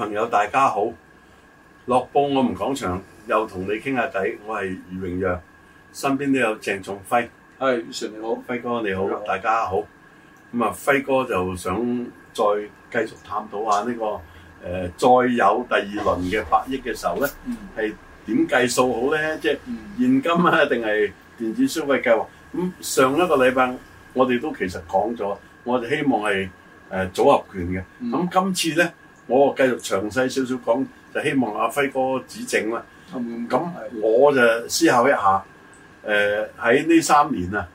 朋友大家好，樂報我哋講場又同你傾下偈，我係余榮讓，身邊都有鄭仲輝，係順，你好，輝哥你好，大家好。咁啊，輝哥就想再繼續探討下呢、這個誒、呃，再有第二輪嘅百億嘅時候咧，係點、嗯、計數好咧？即、就、係、是、現金啊，定係電子消費計劃？咁上一個禮拜我哋都其實講咗，我哋希望係誒組合拳嘅。咁、嗯、今次咧？我繼續詳細少少講，就希望阿輝哥指正啦。咁、嗯、我就思考一下，誒喺呢三年啊，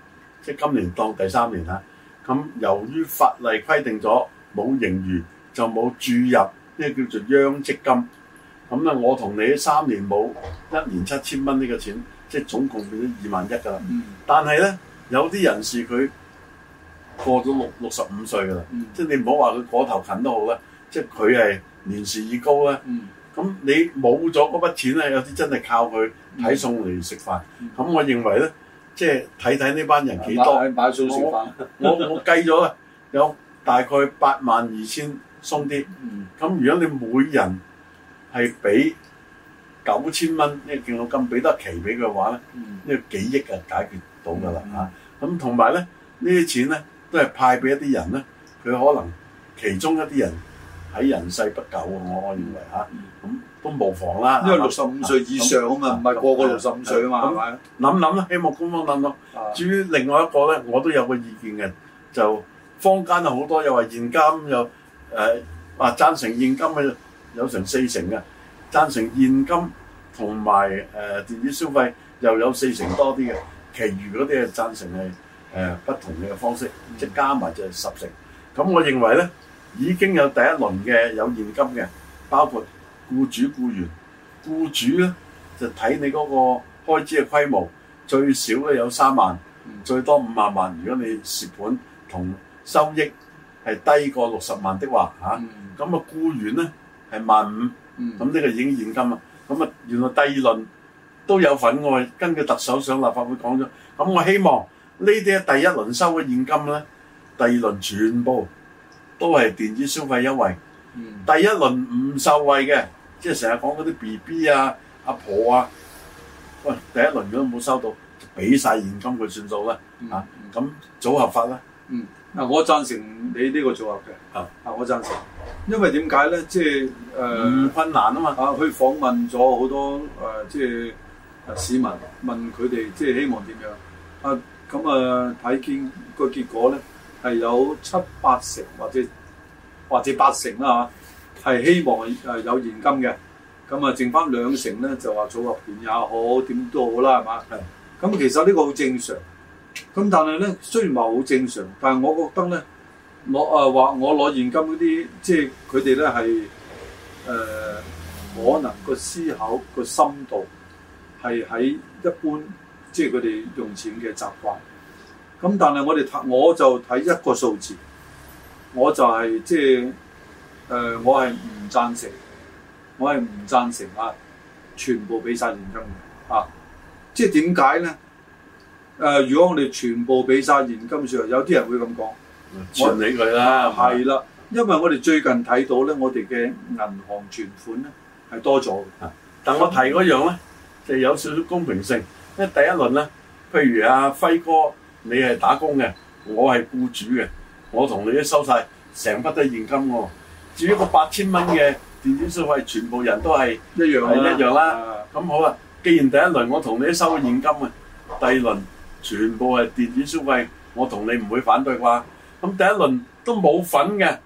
即係今年當第三年啦。咁由於法例規定咗冇盈餘就冇注入呢叫做央積金。咁咧，我同你三年冇一年七千蚊呢個錢，即係總共變咗二萬一㗎啦。嗯、但係咧，有啲人士佢過咗六六十五歲㗎啦，嗯、即係你唔好話佢嗰頭近都好啦。即係佢係年事已高啦，咁、嗯、你冇咗嗰筆錢咧，有啲真係靠佢睇餸嚟食飯。咁、嗯、我認為咧，即係睇睇呢班人幾多買買。我我計咗啊，有大概八萬二千鬆啲。咁、嗯、如果你每人係俾九千蚊呢個敬老金俾得期俾佢嘅話咧，呢、嗯、個幾億啊解決到㗎啦嚇。咁同埋咧，呢啲錢咧都係派俾一啲人咧，佢可能其中一啲人。喺人世不久啊，我認為嚇，咁都無妨啦。因為六十五歲以上啊嘛，唔係個個六十五歲啊嘛，係咪？諗諗啦，希望官方諗諗。至於另外一個咧，我都有個意見嘅，就坊間好多又話現金有，誒話贊成現金嘅有成四成啊。贊成現金同埋誒電子消費又有四成多啲嘅，其餘嗰啲係贊成係誒不同嘅方式，即係加埋就係十成。咁我認為咧。已經有第一輪嘅有現金嘅，包括僱主僱員。僱主咧就睇你嗰個開支嘅規模，最少咧有三萬，嗯、最多五萬萬。如果你蝕本同收益係低過六十萬的話，嚇咁啊、嗯、僱員咧係萬五，咁呢、嗯、個已經現金啦。咁啊原來第二輪都有份喎，根據特首上立法會講咗。咁我希望呢啲第一輪收嘅現金咧，第二輪全部。都係電子消費優惠，嗯、第一輪唔受惠嘅，即係成日講嗰啲 BB 啊、阿婆啊，喂、哎，第一輪如果冇收到，俾晒現金佢算數啦。嚇咁、嗯啊、組合法咧。嗱、嗯，我贊成你呢個組合嘅，啊，啊，我贊成，因為點解咧？即係誒，困、呃嗯、難啊嘛。啊，去訪問咗好多誒、呃，即係市民問佢哋，即係希望點樣？啊，咁啊，睇、啊、見個結果咧。係有七八成或者或者八成啦，嚇，係、啊、希望誒、啊、有現金嘅，咁啊剩翻兩成咧，就話組合券也好，點都好啦係嘛？係，咁其實呢個好正常，咁但係咧雖然話好正常，但係我覺得咧攞誒話我攞，啊、現金嗰啲，即係佢哋咧係誒可能個思考個深度係喺一般，即係佢哋用錢嘅習慣。咁但係我哋睇，我就睇一個數字，我就係、是、即係，誒、呃，我係唔贊成，我係唔贊成啊！全部俾晒現金嘅，啊，即係點解咧？誒、呃，如果我哋全部俾晒現金，話有啲人會咁講，存俾佢啦，係啦，因為我哋最近睇到咧，我哋嘅銀行存款咧係多咗嘅、啊。但我提嗰樣咧，嗯、就有少少公平性，因為第一輪咧，譬如阿、啊、輝哥。你係打工嘅，我係僱主嘅。我同你都收晒成筆都係現金喎、哦。至於個八千蚊嘅電子消費，全部人都係一樣啦，的一樣啦。咁的好啊，既然第一輪我同你都收現金啊，第二輪全部係電子消費，我同你唔會反對啩。咁第一輪都冇份嘅，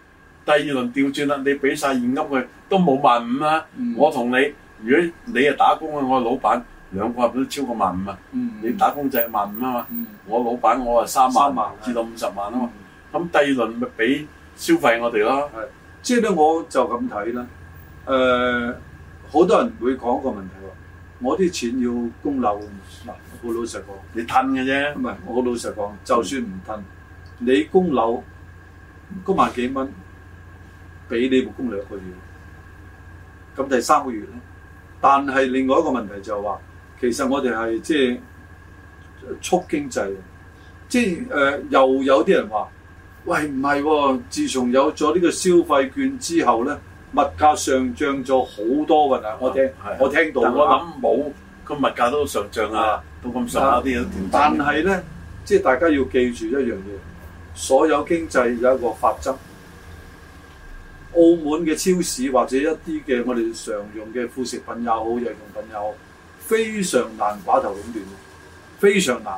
第二輪調轉啦，你俾晒現金佢都冇萬五啊。嗯、我同你，如果你係打工嘅，我係老闆。兩個都超過萬五啊！你打工仔係萬五啊嘛，我老闆我係三萬,三萬至到五十萬啊嘛，咁、嗯、第二輪咪俾消費我哋咯。係，即係咧我就咁睇啦。誒、呃，好多人會講個問題喎，我啲錢要供樓，嗱、嗯，好老實講，你褪嘅啫。唔係是，我老實講，嗯、就算唔褪，嗯、你供樓供萬幾蚊，俾你供兩個月，咁第三個月咧，但係另外一個問題就係、是、話。其實我哋係即係促經濟，即係、呃、誒又有啲人話，喂唔係，自從有咗呢個消費券之後咧，物價上漲咗好多㗎啦！啊、我聽，的我聽到，但我諗冇個物價都上漲啊，的都咁上下啲，但係咧，即係大家要記住一樣嘢，所有經濟有一個法則。澳門嘅超市或者一啲嘅我哋常用嘅副食品又好，日用品又好。非常難寡頭壟斷，非常難。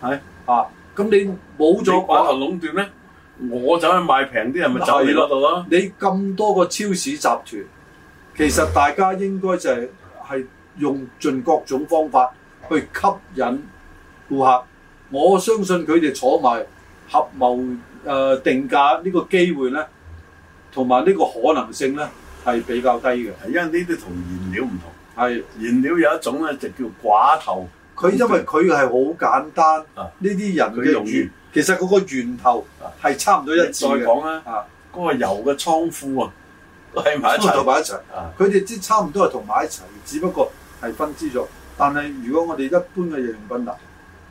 係啊！咁你冇咗寡頭壟斷咧，我走去買平啲，咪嗎就係咯。你咁多個超市集團，其實大家應該就係、是、係用盡各種方法去吸引顧客。我相信佢哋坐埋合謀誒、呃、定價呢個機會咧，同埋呢個可能性咧係比較低嘅，係因為呢啲同原料唔同。係燃料有一種咧，就叫寡頭。佢因為佢係好簡單，呢啲、啊、人嘅用語其實嗰個源頭係差唔多一致嘅。啊，嗰個油嘅倉庫啊，都喺埋一齊，埋一齊。啊，佢哋即差唔多係同埋一齊，只不過係分支咗。但係如果我哋一般嘅日用品啊，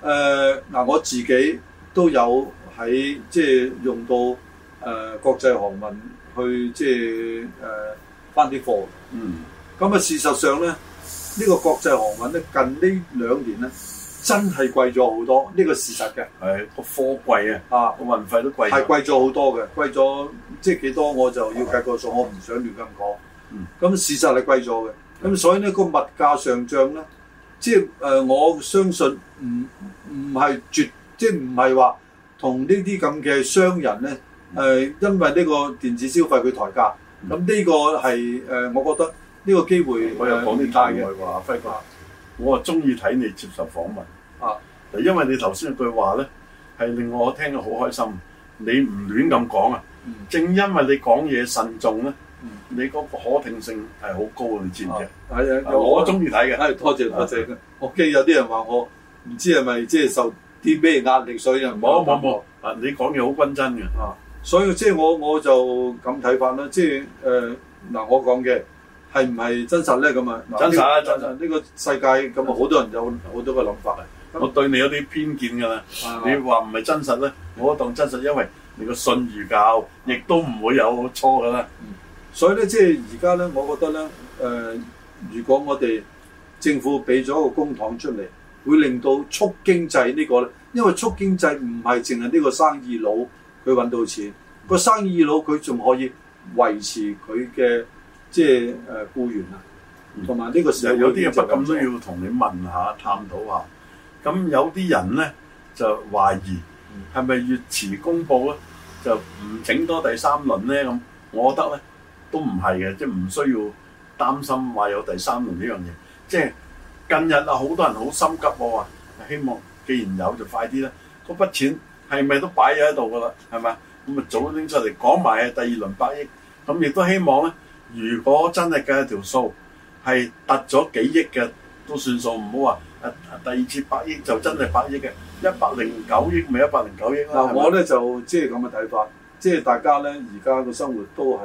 誒、呃、嗱、呃，我自己都有喺即係用到誒、呃、國際航運去即係誒翻啲貨。呃、嗯。咁啊，事實上咧，呢、這個國際航運咧，近呢兩年咧，真係貴咗好多，呢個事實嘅。係個貨櫃啊，啊個運費都貴。係貴咗好多嘅，貴咗即係幾多我就要計個數，我唔想亂咁講。咁、嗯、事實係貴咗嘅，咁所以呢個物價上漲咧，即係誒、呃、我相信唔唔係絕，即係唔係話同呢啲咁嘅商人咧誒、呃，因為呢個電子消費佢抬價，咁呢、嗯、個係誒、呃、我覺得。呢個機會，我又講啲大愛喎，阿輝哥，我啊中意睇你接受訪問啊，就因為你頭先嗰句話咧，係令我聽到好開心。你唔亂咁講啊，正因為你講嘢慎重咧，你嗰個可聽性係好高嘅，你知唔知啊？我中意睇嘅，唉，多謝多謝。我見有啲人話我唔知係咪即係受啲咩壓力，所以啊，冇冇冇。啊，你講嘢好均真嘅，啊，所以即係我我就咁睇法啦，即係誒嗱，我講嘅。係唔係真實咧？咁啊，真實啊！真實呢個世界咁啊，好多人有好多個諗法啊！我對你有啲偏見㗎啦，你話唔係真實咧，我當真實，因為你個信儒教，亦都唔會有錯㗎啦。所以咧，即係而家咧，我覺得咧，誒，如果我哋政府俾咗一個公帑出嚟，會令到促經濟呢個咧，因為促經濟唔係淨係呢個生意佬佢揾到錢，個生意佬佢仲可以維持佢嘅。即係誒僱員啊，同埋呢個時候、嗯、有啲嘢不禁都要同你問下、探討下。咁、嗯、有啲人咧就懷疑係咪越遲公佈咧，嗯、就唔整多第三輪咧咁？我覺得咧都唔係嘅，即係唔需要擔心話有第三輪呢樣嘢。即係近日啊，好多人好心急喎，希望既然有就快啲啦。嗰筆錢係咪都擺咗喺度㗎啦？係咪？咁啊早拎出嚟講埋第二輪百億，咁亦都希望咧。如果真係計一條數，係突咗幾億嘅都算數，唔好話誒第二次百億就真係百億嘅一百零九億咪一百零九億啊！嗯、吧我咧就即係咁嘅睇法，即係大家咧而家嘅生活都係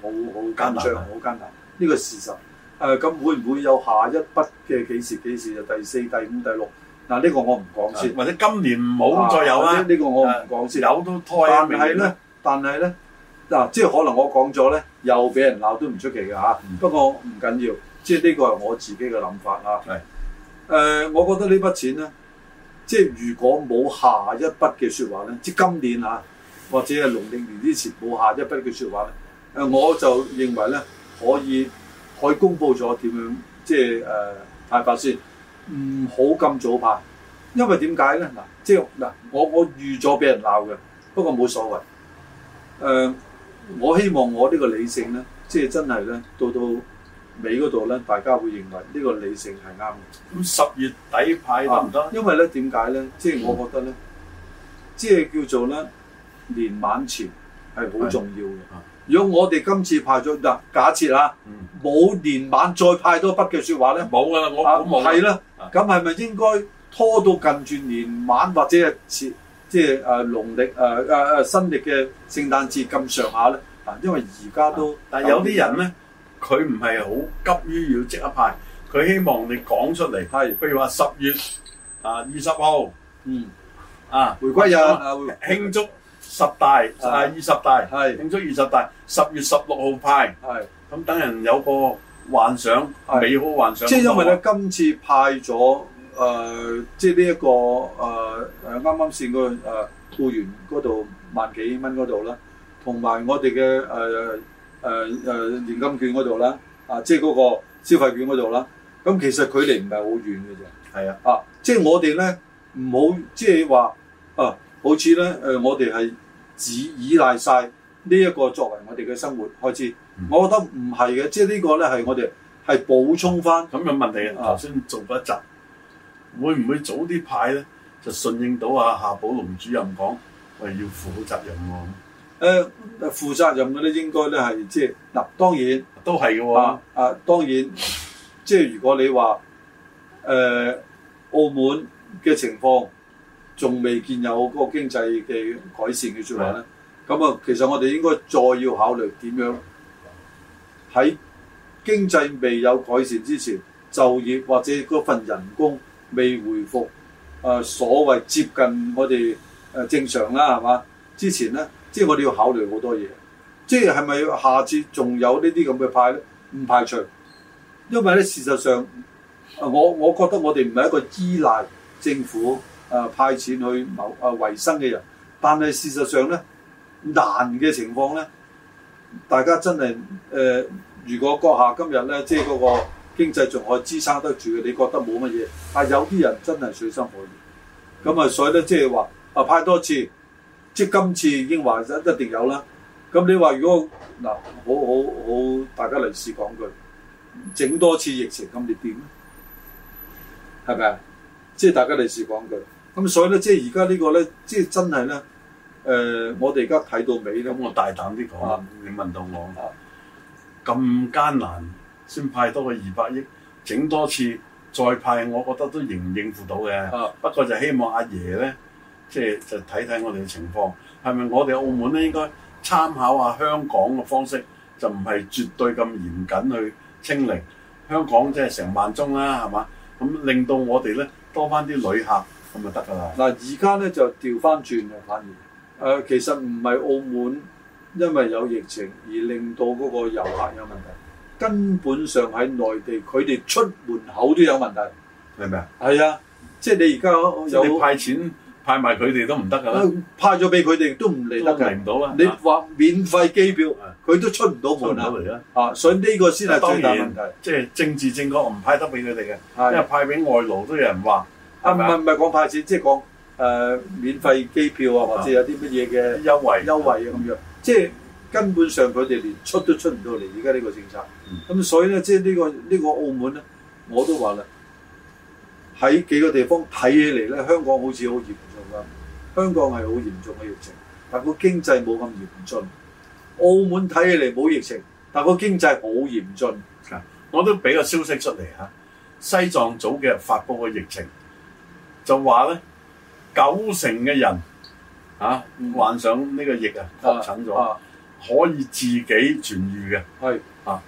好好艱難，好艱難呢個事實。誒咁會唔會有下一筆嘅幾時幾時就第四、第五、第六？嗱，呢個我唔講先，吧或者今年唔好再有啦。呢個我唔講先，有都胎啊！但係咧，但係咧，嗱，即係可能我講咗咧。又俾人鬧都唔出奇嘅嚇，嗯、不過唔緊要，即係呢個係我自己嘅諗法啦。係是，誒、呃，我覺得呢筆錢咧，即係如果冇下一筆嘅説話咧，即係今年嚇，或者係農曆年之前冇下一筆嘅説話咧，誒、呃，我就認為咧可以可以公佈咗點樣，即係誒，派、呃、發先，唔好咁早派，因為點解咧？嗱、呃，即係嗱、呃，我我預咗俾人鬧嘅，不過冇所謂，誒、呃。我希望我呢個理性咧，即係真係咧，到到尾嗰度咧，大家會認為呢個理性係啱嘅。咁十月底派得唔得？因為咧點解咧？即係我覺得咧，嗯、即係叫做咧，年晚前係好重要嘅。嗯、如果我哋今次派咗嗱，假設啊，冇、嗯、年晚再派多筆嘅説話咧，冇噶啦，我、啊、我冇。係啦，咁係咪應該拖到近住年晚、嗯、或者係？即係誒農曆誒誒誒新曆嘅聖誕節咁上下咧，啊，因為而家都，但係有啲人咧，佢唔係好急於要即刻派，佢希望你講出嚟，譬如，譬如話十月啊二十號，嗯，啊，回歸日慶祝十大啊二十大，係慶祝二十大，十月十六號派，係咁等人有個幻想，美好幻想，即係因為咧今次派咗。誒、呃，即係呢一個誒誒啱啱線嗰個雇員嗰度萬幾蚊嗰度啦，同埋我哋嘅誒誒誒現金券嗰度啦，啊，即係嗰個消費券嗰度啦。咁、啊、其實距離唔係好遠嘅啫。係啊，啊，即係我哋咧唔好即係話啊，好似咧誒，我哋係只依賴晒呢一個作為我哋嘅生活開支。嗯、我覺得唔係嘅，即係呢個咧係我哋係補充返。咁樣問你頭先做嗰一集。啊會唔會早啲派咧？就順應到阿夏寶龍主任講，我要負好責任喎、啊。誒、呃，負責任嘅咧，應該咧係即係嗱，當然都係嘅喎。啊，當然 即係如果你話誒、呃、澳門嘅情況仲未見有嗰個經濟嘅改善嘅說話咧，咁啊的，其實我哋應該再要考慮點樣喺經濟未有改善之前，就業或者嗰份人工。未回覆，誒、呃、所謂接近我哋誒、呃、正常啦，係嘛？之前咧，即係我哋要考慮好多嘢，即係係咪下次仲有這這呢啲咁嘅派咧？唔排除，因為咧事實上，我我覺得我哋唔係一個依賴政府誒、呃、派錢去某誒維生嘅人，但係事實上咧難嘅情況咧，大家真係誒、呃，如果閣下今日咧，即係嗰、那個。經濟仲可以支撐得住嘅，你覺得冇乜嘢？但係有啲人真係水深火熱，咁啊，所以咧，即係話啊派多次，即係今次已經話一定有啦。咁你話如果嗱好好好，大家嚟試講句，整多次疫情咁，你點咧？係咪啊？即係大家嚟試講句。咁所以咧，即係而家呢個咧，即係真係咧。誒，我哋而家睇到尾咧，嗯嗯、我大膽啲講，嗯、你問到我咁艱難。先派多個二百億，整多次再派，我覺得都應應付到嘅。啊、不過就希望阿爺呢，即係就睇、是、睇我哋嘅情況，係咪我哋澳門咧應該參考下香港嘅方式，就唔係絕對咁嚴謹去清零。香港即係成萬宗啦，係嘛？咁、嗯、令到我哋呢多翻啲旅客咁就得㗎啦。嗱，而家呢就調翻轉啦，反而誒、呃，其實唔係澳門因為有疫情而令到嗰個遊客有問題。根本上喺內地，佢哋出門口都有問題，明唔明啊？係啊，即係你而家有派錢派埋佢哋都唔得噶啦，派咗俾佢哋都唔嚟得嚟，唔到啦。你話免費機票，佢都出唔到門口嚟啦。啊，所以呢個先係最大問題。即係政治正確，唔派得俾佢哋嘅，因為派俾外勞都有人話啊，唔係唔係講派錢，即係講誒免費機票啊，或者有啲乜嘢嘅優惠優惠啊，咁樣，即係。根本上佢哋連出都出唔到嚟，而家呢個政策。咁所以咧，即係呢個呢、呢個澳門咧，我都話啦，喺幾個地方睇起嚟咧，香港好似好嚴重㗎。香港係好嚴重嘅疫情，但個經濟冇咁嚴峻。澳門睇起嚟冇疫情，但個經濟好嚴峻。啊、我都俾個消息出嚟嚇、啊，西藏早嘅發佈嘅疫情就話咧，九成嘅人嚇患上呢個疫啊，確診咗。可以自己痊愈嘅，係啊，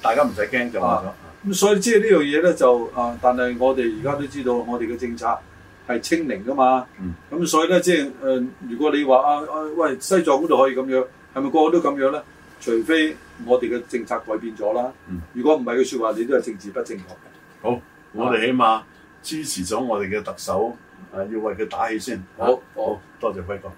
大家唔使驚就係咁。咁所以即係呢樣嘢咧，就啊，但係我哋而家都知道，我哋嘅政策係清零噶嘛。咁所以咧，即係誒，如果你話啊啊，喂，西藏嗰度可以咁樣，係咪個個都咁樣咧？除非我哋嘅政策改變咗啦。如果唔係嘅説話，你都係政治不正確。好，我哋起碼支持咗我哋嘅特首，啊，要為佢打氣先。好，好多謝輝哥。